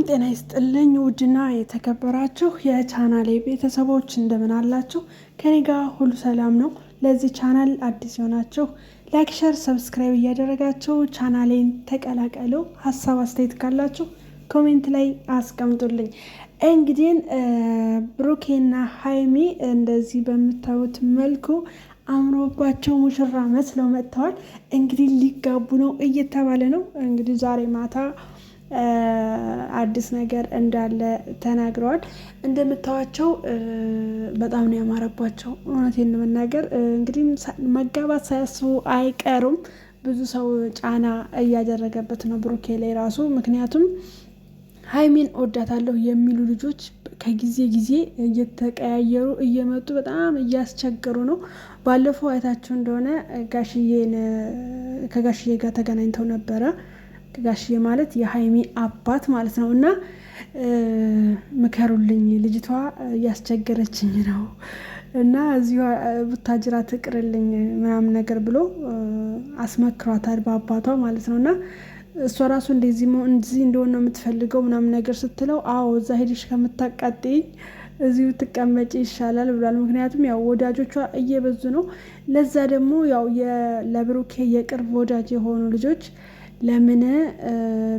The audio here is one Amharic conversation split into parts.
ሰላም ጤና ይስጥልኝ ውድና የተከበራችሁ የቻናሌ ቤተሰቦች እንደምን አላችሁ? ከኔ ጋር ሁሉ ሰላም ነው። ለዚህ ቻናል አዲስ የሆናችሁ ላይክ፣ ሸር፣ ሰብስክራይብ እያደረጋችሁ ቻናሌን ተቀላቀሉ። ሀሳብ አስተያየት ካላችሁ ኮሜንት ላይ አስቀምጡልኝ። እንግዲህ ብሩኬና ሀይሚ እንደዚህ በምታዩት መልኩ አምሮባቸው ሙሽራ መስለው መጥተዋል። እንግዲህ ሊጋቡ ነው እየተባለ ነው። እንግዲህ ዛሬ ማታ አዲስ ነገር እንዳለ ተናግረዋል። እንደምታዋቸው በጣም ነው ያማረባቸው። እውነቴን ለመናገር እንግዲህ መጋባት ሳያስቡ አይቀሩም። ብዙ ሰው ጫና እያደረገበት ነው ብሩኬ ላይ ራሱ ምክንያቱም ሀይሜን ወዳታለሁ የሚሉ ልጆች ከጊዜ ጊዜ እየተቀያየሩ እየመጡ በጣም እያስቸገሩ ነው። ባለፈው አይታችሁ እንደሆነ ጋሽዬን ከጋሽዬ ጋር ተገናኝተው ነበረ ጋሽዬ ማለት የሀይሚ አባት ማለት ነው። እና ምከሩልኝ፣ ልጅቷ እያስቸገረችኝ ነው እና እዚሁ ቡታጅራ ትቅርልኝ ምናምን ነገር ብሎ አስመክሯታል በአባቷ ማለት ነው። እና እሷ ራሱ እንደዚህ እንደሆነ ነው የምትፈልገው ምናምን ነገር ስትለው አዎ እዛ ሄደሽ ከምታቃጥይኝ እዚሁ ትቀመጭ ይሻላል ብሏል። ምክንያቱም ያው ወዳጆቿ እየበዙ ነው። ለዛ ደግሞ ያው ለብሩኬ የቅርብ ወዳጅ የሆኑ ልጆች ለምን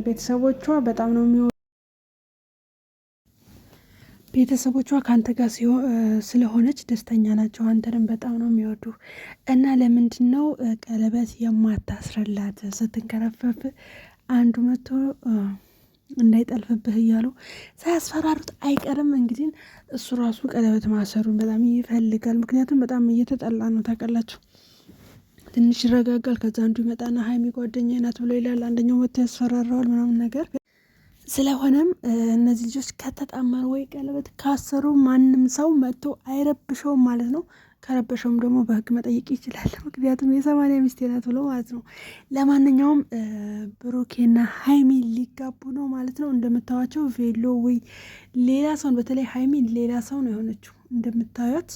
ቤተሰቦቿ በጣም ነው የሚወ ቤተሰቦቿ ከአንተ ጋር ስለሆነች ደስተኛ ናቸው። አንተንም በጣም ነው የሚወዱ እና ለምንድን ነው ቀለበት የማታስረላት ስትንከረፈፍ አንዱ መቶ እንዳይጠልፍብህ እያሉ ሳያስፈራሩት አይቀርም። እንግዲህ እሱ ራሱ ቀለበት ማሰሩን በጣም ይፈልጋል። ምክንያቱም በጣም እየተጠላ ነው ታውቃላችሁ። ትንሽ ይረጋጋል። ከዛ አንዱ ይመጣና ሀይሚ ጓደኛዬ ናት ብሎ ይላል። አንደኛው መጥቶ ያስፈራረዋል ምናምን ነገር ስለሆነም እነዚህ ልጆች ከተጣመሩ ወይ ቀለበት ካሰሩ ማንም ሰው መጥቶ አይረብሸውም ማለት ነው። ከረበሸውም ደግሞ በህግ መጠየቅ ይችላል። ምክንያቱም የሰማንያ ሚስቴ ናት ብሎ ማለት ነው። ለማንኛውም ብሩኬና ሀይሚ ሊጋቡ ነው ማለት ነው። እንደምታዋቸው ቬሎ ወይ ሌላ ሰውን በተለይ ሀይሚ ሌላ ሰው ነው የሆነችው እንደምታዩት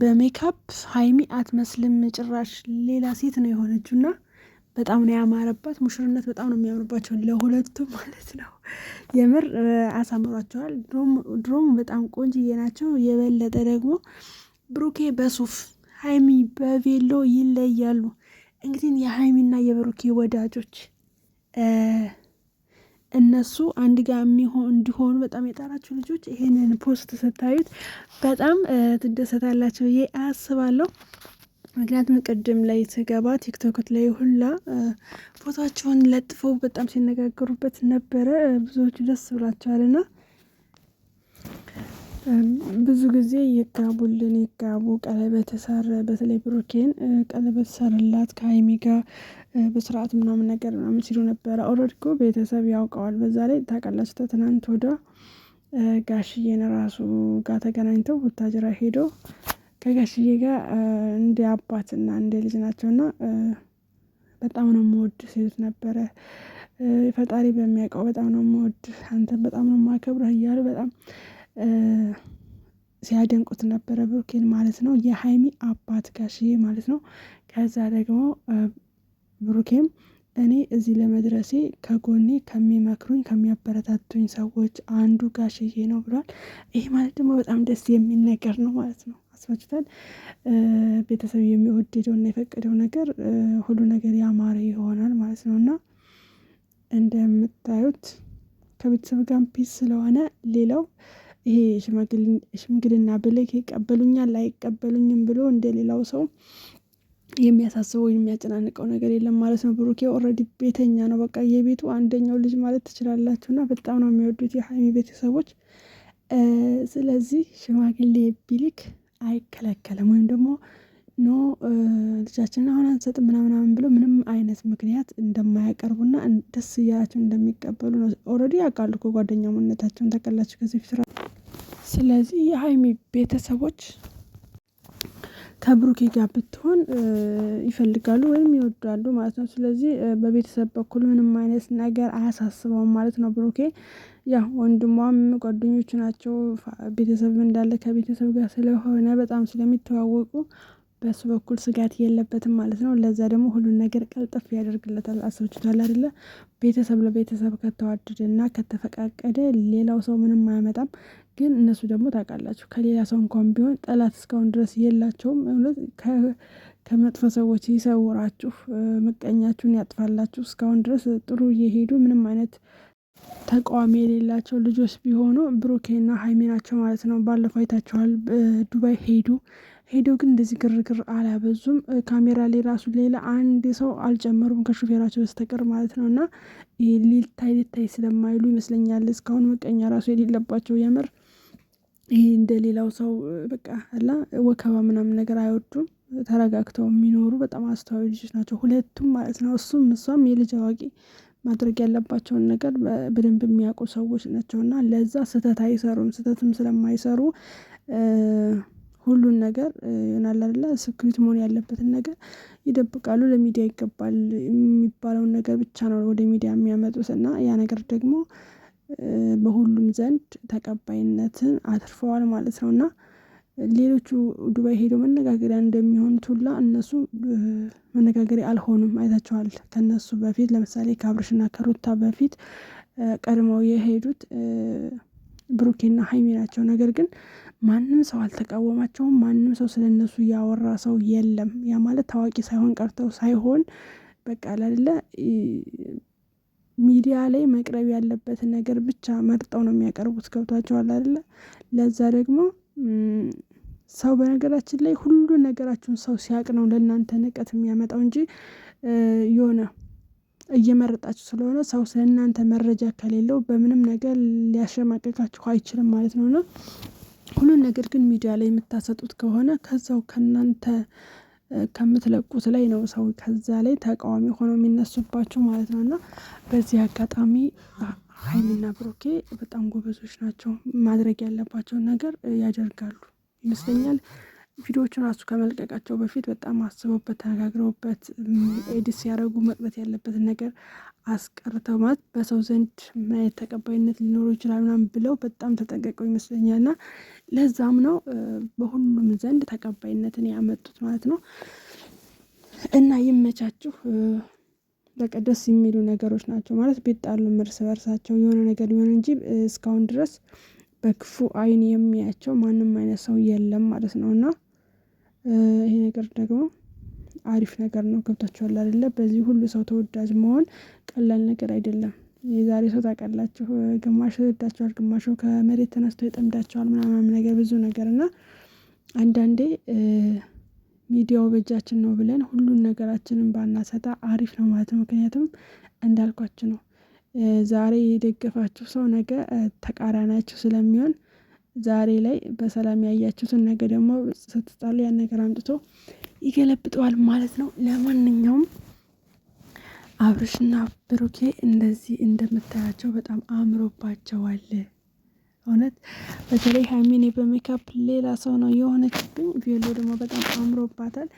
በሜካፕ ሀይሚ አትመስልም ጭራሽ ሌላ ሴት ነው የሆነችው እና በጣም ነው ያማረባት። ሙሽርነት በጣም ነው የሚያምርባቸው ለሁለቱም ማለት ነው። የምር አሳምሯቸዋል። ድሮም በጣም ቆንጅዬ ናቸው። የበለጠ ደግሞ ብሩኬ በሱፍ ሀይሚ በቬሎ ይለያሉ። እንግዲህ የሀይሚና የብሩኬ ወዳጆች እነሱ አንድ ጋር የሚሆን እንዲሆኑ በጣም የጣራችሁ ልጆች ይሄንን ፖስት ስታዩት በጣም ትደሰታላቸው ብዬ አስባለሁ። ምክንያቱም ቅድም ላይ ስገባ ቲክቶክት ላይ ሁላ ፎቶቸውን ለጥፈው በጣም ሲነጋገሩበት ነበረ። ብዙዎቹ ደስ ብሏቸዋልና ብዙ ጊዜ የጋቡልን የጋቡ ቀለበት ተሰረ በተለይ ብሩኬን ቀለበት ሰረላት ከሀይሚ ጋር በስርዓት ምናምን ነገር ምናምን ሲሉ ነበረ። ኦልሬዲ እኮ ቤተሰብ ያውቀዋል። በዛ ላይ ታውቃላችሁ ከትናንት ወደ ጋሽዬን ራሱ ጋር ተገናኝተው ቡታጅራ ሄዶ ከጋሽዬ ጋር እንደ አባትና እንደ ልጅ ናቸውና በጣም ነው የምወድ ሲሉት ነበረ። ፈጣሪ በሚያውቀው በጣም ነው የምወድ አንተን በጣም ነው የማከብረህ እያሉ በጣም ሲያደንቁት ነበረ ብሩኬን ማለት ነው። የሀይሚ አባት ጋሽዬ ማለት ነው። ከዛ ደግሞ ብሩኬም እኔ እዚህ ለመድረሴ ከጎኔ ከሚመክሩኝ ከሚያበረታቱኝ ሰዎች አንዱ ጋሽዬ ነው ብሏል። ይሄ ማለት ደግሞ በጣም ደስ የሚል ነገር ነው ማለት ነው። አስፈጭታል ቤተሰብ እና የፈቀደው ነገር ሁሉ ነገር ያማረ ይሆናል ማለት ነው እና እንደምታዩት ከቤተሰብ ጋር ፒስ ስለሆነ ሌላው ይሄ ሽምግልና ብልክ ይቀበሉኛል አይቀበሉኝም ብሎ እንደሌላው ሰው የሚያሳስበው የሚያጨናንቀው ነገር የለም ማለት ነው። ብሩኬ ኦሬዲ ቤተኛ ነው በቃ የቤቱ አንደኛው ልጅ ማለት ትችላላችሁ እና በጣም ነው የሚወዱት የሀይሚ ቤተሰቦች። ስለዚህ ሽማግሌ ቢልክ አይከለከልም ወይም ደግሞ ኖ ልጃችንን አሁን አንሰጥም ምናምናምን ብሎ ምንም አይነት ምክንያት እንደማያቀርቡና ደስ እያላቸው እንደሚቀበሉ ነው። ኦልሬዲ ያውቃሉ እኮ ሙነታቸውን ታውቃላችሁ ከዚህ ፊት ስለዚህ የሀይሚ ቤተሰቦች ከብሩኬ ጋር ብትሆን ይፈልጋሉ ወይም ይወዳሉ ማለት ነው። ስለዚህ በቤተሰብ በኩል ምንም አይነት ነገር አያሳስበውም ማለት ነው። ብሩኬ ያው ወንድሟም ጓደኞቹ ናቸው። ቤተሰብ እንዳለ ከቤተሰብ ጋር ስለሆነ በጣም ስለሚተዋወቁ በሱ በኩል ስጋት የለበትም ማለት ነው። ለዛ ደግሞ ሁሉን ነገር ቀልጠፍ ያደርግለታል። አስብችታል አይደለ? ቤተሰብ ለቤተሰብ ከተዋደደ እና ከተፈቃቀደ ሌላው ሰው ምንም አያመጣም። ግን እነሱ ደግሞ ታውቃላችሁ ከሌላ ሰው እንኳን ቢሆን ጠላት እስካሁን ድረስ የላቸውም። እውነት ከመጥፎ ሰዎች ይሰውራችሁ፣ ምቀኛችሁን ያጥፋላችሁ። እስካሁን ድረስ ጥሩ እየሄዱ ምንም አይነት ተቃዋሚ የሌላቸው ልጆች ቢሆኑ ብሩኬና ሀይሚ ናቸው ማለት ነው። ባለፈው አይታችኋል፣ ዱባይ ሄዱ ሄደው ግን እንደዚህ ግርግር አላበዙም። ካሜራ ላይ ራሱ ሌላ አንድ ሰው አልጨመሩም ከሹፌራቸው በስተቀር ማለት ነው። እና ሊታይ ሊታይ ስለማይሉ ይመስለኛል እስካሁን መቀኛ ራሱ የሌለባቸው የምር ይሄ እንደሌላው ሰው በቃ አላ ወከባ ምናምን ነገር አይወዱም። ተረጋግተው የሚኖሩ በጣም አስተዋይ ልጆች ናቸው ሁለቱም ማለት ነው። እሱም እሷም የልጅ አዋቂ ማድረግ ያለባቸውን ነገር በደንብ የሚያውቁ ሰዎች ናቸው እና ለዛ ስህተት አይሰሩም። ስህተትም ስለማይሰሩ ሁሉን ነገር ይሆናል አይደለ ስክሪት መሆን ያለበትን ነገር ይደብቃሉ። ለሚዲያ ይገባል የሚባለውን ነገር ብቻ ነው ወደ ሚዲያ የሚያመጡት እና ያ ነገር ደግሞ በሁሉም ዘንድ ተቀባይነትን አትርፈዋል ማለት ነው። እና ሌሎቹ ዱባይ ሄደው መነጋገሪያ እንደሚሆኑት ሁላ እነሱ መነጋገሪያ አልሆኑም። አይታቸዋል ከነሱ በፊት ለምሳሌ ከአብርሽና ከሩታ በፊት ቀድመው የሄዱት ብሩኬና ሀይሚ ናቸው። ነገር ግን ማንም ሰው አልተቃወማቸውም። ማንም ሰው እነሱ ያወራ ሰው የለም። ያ ማለት ታዋቂ ሳይሆን ቀርተው ሳይሆን በቃ ላለ ሚዲያ ላይ መቅረብ ያለበትን ነገር ብቻ መርጠው ነው የሚያቀርቡት። ገብቷቸዋል አይደለ? ለዛ ደግሞ ሰው በነገራችን ላይ ሁሉ ነገራችሁን ሰው ሲያቅ ነው ለእናንተ ንቀት የሚያመጣው እንጂ የሆነ እየመረጣችሁ ስለሆነ ሰው ስለ እናንተ መረጃ ከሌለው በምንም ነገር ሊያሸማቀቃችሁ አይችልም ማለት ነው። ሁሉን ነገር ግን ሚዲያ ላይ የምታሰጡት ከሆነ ከዛው ከእናንተ ከምትለቁት ላይ ነው ሰው ከዛ ላይ ተቃዋሚ ሆኖ የሚነሱባቸው ማለት ነው። እና በዚህ አጋጣሚ ሀይሚና ብሩኬ በጣም ጎበዞች ናቸው። ማድረግ ያለባቸውን ነገር ያደርጋሉ ይመስለኛል። ቪዲዮዎቹን ራሱ ከመልቀቃቸው በፊት በጣም አስበውበት ተነጋግረውበት ኤዲት ሲያደርጉ መቅረት ያለበትን ነገር አስቀርተው ማለት በሰው ዘንድ ማየት ተቀባይነት ሊኖረው ይችላል ምናምን ብለው በጣም ተጠንቀቀው ይመስለኛል። እና ለዛም ነው በሁሉም ዘንድ ተቀባይነትን ያመጡት ማለት ነው። እና ይመቻችሁ። በቃ ደስ የሚሉ ነገሮች ናቸው ማለት ቢጣሉም እርስ በርሳቸው የሆነ ነገር ሊሆን እንጂ እስካሁን ድረስ በክፉ አይን የሚያቸው ማንም አይነት ሰው የለም ማለት ነው እና ይሄ ነገር ደግሞ አሪፍ ነገር ነው። ገብቷችኋል አይደለ? በዚህ ሁሉ ሰው ተወዳጅ መሆን ቀላል ነገር አይደለም። የዛሬ ሰው ታውቃላችሁ፣ ግማሽ ይወዳችኋል፣ ግማሽ ከመሬት ተነስቶ ይጠምዳችኋል ምናምን ነገር ብዙ ነገር እና አንዳንዴ ሚዲያው በእጃችን ነው ብለን ሁሉን ነገራችንን ባናሰጣ አሪፍ ነው ማለት ነው። ምክንያቱም እንዳልኳችሁ ነው ዛሬ የደገፋችሁ ሰው ነገ ተቃራናችሁ ስለሚሆን ዛሬ ላይ በሰላም ያያችሁትን ነገ ደግሞ ስትጣሉ ያን ነገር አምጥቶ ይገለብጠዋል ማለት ነው። ለማንኛውም አብርሽና ብሩኬ እንደዚህ እንደምታያቸው በጣም አምሮባቸዋል። እውነት በተለይ ሀይሚኔ በሜካፕ ሌላ ሰው ነው የሆነችብኝ። ቬሎ ደግሞ በጣም አምሮባታል።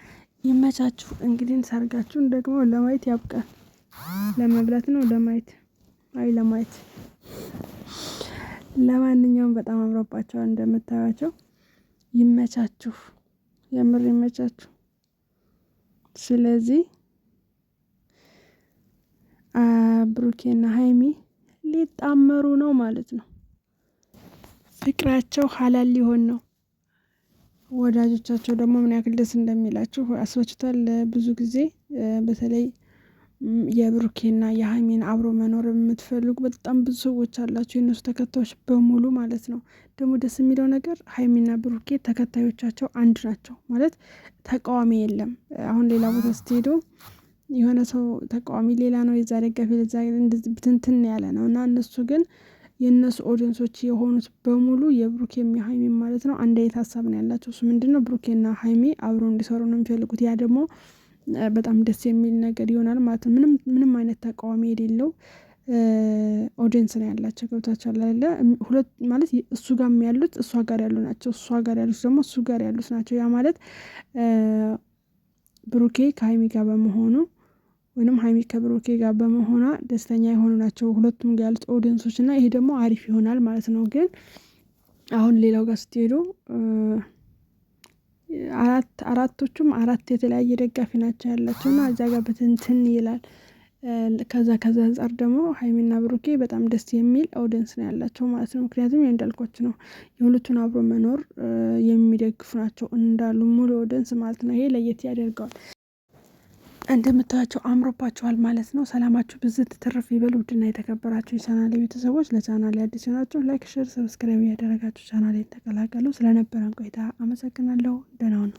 ይመቻችሁ። እንግዲህ ሰርጋችሁን ደግሞ ለማየት ያብቃል። ለመብላት ነው ለማየት አይ ለማየት ለማንኛውም በጣም አምሮባቸዋል እንደምታያቸው። ይመቻችሁ፣ የምር ይመቻችሁ። ስለዚህ ብሩኬና ሀይሚ ሊጣመሩ ነው ማለት ነው። ፍቅራቸው ሀላል ሊሆን ነው። ወዳጆቻቸው ደግሞ ምን ያክል ደስ እንደሚላችሁ አስበችቷል። ብዙ ጊዜ በተለይ የብሩኬና የሀይሜን አብሮ መኖር የምትፈልጉ በጣም ብዙ ሰዎች አላቸው። የእነሱ ተከታዮች በሙሉ ማለት ነው። ደግሞ ደስ የሚለው ነገር ሀይሜና ብሩኬ ተከታዮቻቸው አንድ ናቸው ማለት ተቃዋሚ የለም። አሁን ሌላ ቦታ ስትሄዱ የሆነ ሰው ተቃዋሚ ሌላ ነው፣ የዛ ደጋፊ ለዛ ብትንትን ያለ ነው እና እነሱ ግን የእነሱ ኦዲየንሶች የሆኑት በሙሉ የብሩኬ የሀይሜም ማለት ነው አንድ አይነት ሀሳብ ነው ያላቸው። እሱ ምንድን ነው ብሩኬና ሀይሜ አብሮ እንዲሰሩ ነው የሚፈልጉት። ያ ደግሞ በጣም ደስ የሚል ነገር ይሆናል ማለት ነው። ምንም አይነት ተቃዋሚ የሌለው ኦዲየንስ ነው ያላቸው ገብታቸው አይደለ? ሁለት ማለት እሱ ጋም ያሉት እሷ ጋር ያሉ ናቸው፣ እሷ ጋር ያሉት ደግሞ እሱ ጋር ያሉት ናቸው። ያ ማለት ብሩኬ ከሀይሚ ጋር በመሆኑ ወይም ሀይሚ ከብሩኬ ጋር በመሆኗ ደስተኛ የሆኑ ናቸው ሁለቱም ጋር ያሉት ኦዲየንሶች እና ይሄ ደግሞ አሪፍ ይሆናል ማለት ነው። ግን አሁን ሌላው ጋር ስትሄዱ አራት አራቶቹም አራት የተለያየ ደጋፊ ናቸው ያላቸው እና እዚያ ጋር በትንትን ይላል። ከዛ ከዛ አንጻር ደግሞ ሀይሚና ብሩኬ በጣም ደስ የሚል ኦዲየንስ ነው ያላቸው ማለት ነው። ምክንያቱም እንዳልኳችሁ ነው የሁለቱን አብሮ መኖር የሚደግፉ ናቸው እንዳሉ ሙሉ ኦዲየንስ ማለት ነው። ይሄ ለየት ያደርገዋል። እንደምታያቸው አምሮባቸዋል ማለት ነው። ሰላማችሁ ብዝት ትርፍ ይበል። ውድና የተከበራቸው የቻናሌ ቤተሰቦች ለቻናል አዲስ የሆናችሁ ላይክ፣ ሼር፣ ሰብስክራይብ እያደረጋችሁ ቻናሌ ተቀላቀሉ። ስለነበረን ቆይታ አመሰግናለሁ። ደህና ነው።